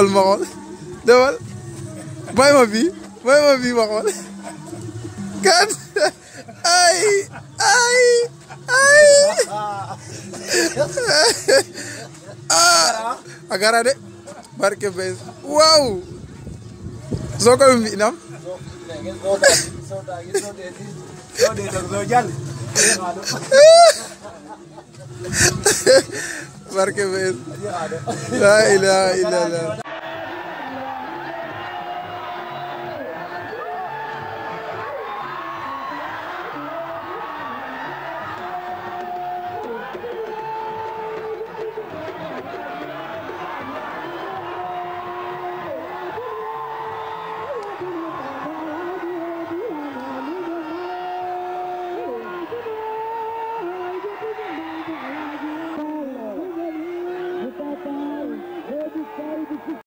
dewal ma xool dewal bàyyi ma bii bàyyi ma bii ma xool kat ay ay ay ah agara de barke bees waaw soo koy mbi'nam barke bees la ilaha illallah